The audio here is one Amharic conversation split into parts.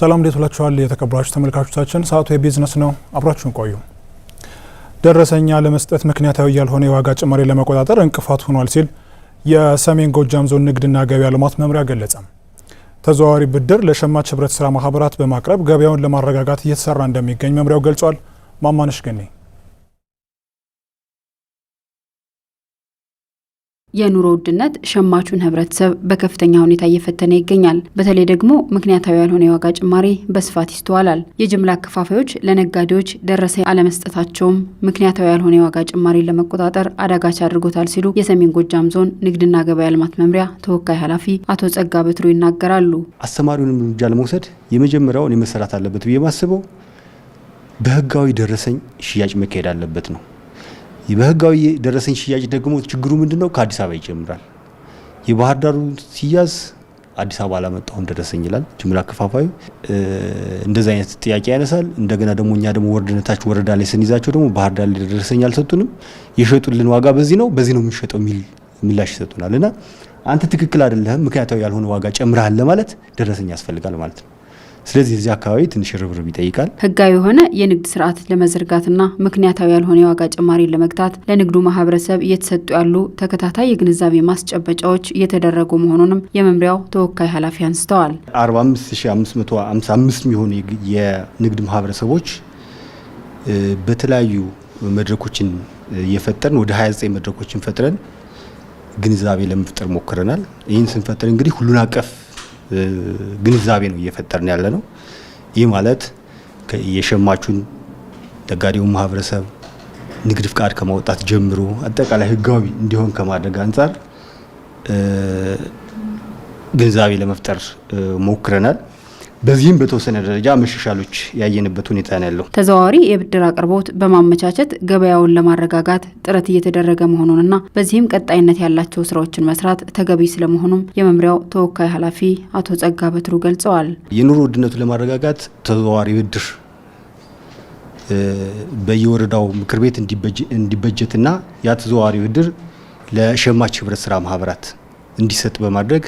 ሰላም እንዴት ውላችኋል? የተከበራችሁ ተመልካቾቻችን፣ ሰዓቱ የቢዝነስ ነው። አብራችሁን ቆዩ። ደረሰኛ ለመስጠት ምክንያታዊ ያልሆነ የዋጋ ጭማሪ ለመቆጣጠር እንቅፋት ሆኗል ሲል የሰሜን ጎጃም ዞን ንግድና ገበያ ልማት መምሪያ ገለጸ። ተዘዋዋሪ ብድር ለሸማች ህብረት ስራ ማህበራት በማቅረብ ገበያውን ለማረጋጋት እየተሰራ እንደሚገኝ መምሪያው ገልጿል። ማማነሽ ገኔ የኑሮ ውድነት ሸማቹን ህብረተሰብ በከፍተኛ ሁኔታ እየፈተነ ይገኛል። በተለይ ደግሞ ምክንያታዊ ያልሆነ የዋጋ ጭማሪ በስፋት ይስተዋላል። የጅምላ አከፋፋዮች ለነጋዴዎች ደረሰ አለመስጠታቸውም ምክንያታዊ ያልሆነ የዋጋ ጭማሪን ለመቆጣጠር አዳጋች አድርጎታል ሲሉ የሰሜን ጎጃም ዞን ንግድና ገበያ ልማት መምሪያ ተወካይ ኃላፊ አቶ ጸጋ በትሩ ይናገራሉ። አስተማሪውንም እርምጃ ለመውሰድ የመጀመሪያውን የመሰራት አለበት ብዬ ማስበው በህጋዊ ደረሰኝ ሽያጭ መካሄድ አለበት ነው በህጋዊ ደረሰኝ ሽያጭ ደግሞ ችግሩ ምንድን ነው? ከአዲስ አበባ ይጀምራል። የባህር ዳሩ ሲያዝ አዲስ አበባ አላመጣሁም ደረሰኝ ይላል ጅምላ አከፋፋዩ። እንደዚህ አይነት ጥያቄ ያነሳል። እንደገና ደግሞ እኛ ደግሞ ወርደነታች ወረዳ ላይ ስንይዛቸው ደግሞ ባህር ዳር ላይ ደረሰኝ አልሰጡንም፣ የሸጡልን ዋጋ በዚህ ነው በዚህ ነው የሚሸጠው የሚል ምላሽ ይሰጡናል። እና አንተ ትክክል አይደለህም፣ ምክንያታዊ ያልሆነ ዋጋ ጨምረሃል ለማለት ደረሰኝ ያስፈልጋል ማለት ነው። ስለዚህ እዚህ አካባቢ ትንሽ ርብርብ ይጠይቃል። ህጋዊ የሆነ የንግድ ስርዓት ለመዘርጋትና ምክንያታዊ ያልሆነ የዋጋ ጭማሪን ለመግታት ለንግዱ ማህበረሰብ እየተሰጡ ያሉ ተከታታይ የግንዛቤ ማስጨበጫዎች እየተደረጉ መሆኑንም የመምሪያው ተወካይ ኃላፊ አንስተዋል። 45555 የሚሆኑ የንግድ ማህበረሰቦች በተለያዩ መድረኮችን እየፈጠርን ወደ 29 መድረኮችን ፈጥረን ግንዛቤ ለመፍጠር ሞክረናል። ይህን ስንፈጥር እንግዲህ ሁሉን አቀፍ ግንዛቤ ነው እየፈጠርን ያለ ነው። ይህ ማለት የሸማቹን ነጋዴውን ማህበረሰብ ንግድ ፍቃድ ከማውጣት ጀምሮ አጠቃላይ ህጋዊ እንዲሆን ከማድረግ አንጻር ግንዛቤ ለመፍጠር ሞክረናል። በዚህም በተወሰነ ደረጃ መሻሻሎች ያየንበት ሁኔታ ነው ያለው። ተዘዋዋሪ የብድር አቅርቦት በማመቻቸት ገበያውን ለማረጋጋት ጥረት እየተደረገ መሆኑንና በዚህም ቀጣይነት ያላቸው ስራዎችን መስራት ተገቢ ስለመሆኑም የመምሪያው ተወካይ ኃላፊ አቶ ጸጋ በትሩ ገልጸዋል። የኑሮ ውድነቱን ለማረጋጋት ተዘዋዋሪ ብድር በየወረዳው ምክር ቤት እንዲበጀትና ያ ተዘዋዋሪ ብድር ለሸማች ህብረት ስራ ማህበራት እንዲሰጥ በማድረግ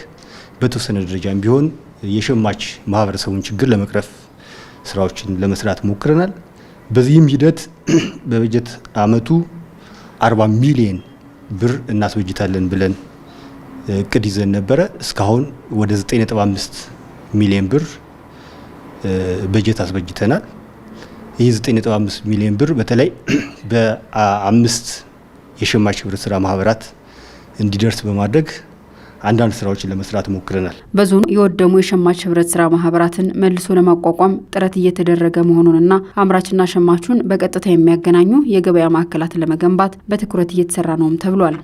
በተወሰነ ደረጃም ቢሆን የሸማች ማህበረሰቡን ችግር ለመቅረፍ ስራዎችን ለመስራት ሞክረናል። በዚህም ሂደት በበጀት አመቱ 40 ሚሊየን ብር እናስበጅታለን ብለን እቅድ ይዘን ነበረ። እስካሁን ወደ 9.5 ሚሊዮን ብር በጀት አስበጅተናል። ይህ 9.5 ሚሊዮን ብር በተለይ በአምስት የሸማች ህብረት ስራ ማህበራት እንዲደርስ በማድረግ አንዳንድ ስራዎችን ለመስራት ሞክረናል። በዞኑ የወደሙ የሸማች ህብረት ስራ ማህበራትን መልሶ ለማቋቋም ጥረት እየተደረገ መሆኑንና አምራችና ሸማቹን በቀጥታ የሚያገናኙ የገበያ ማዕከላትን ለመገንባት በትኩረት እየተሰራ ነውም ተብሏል።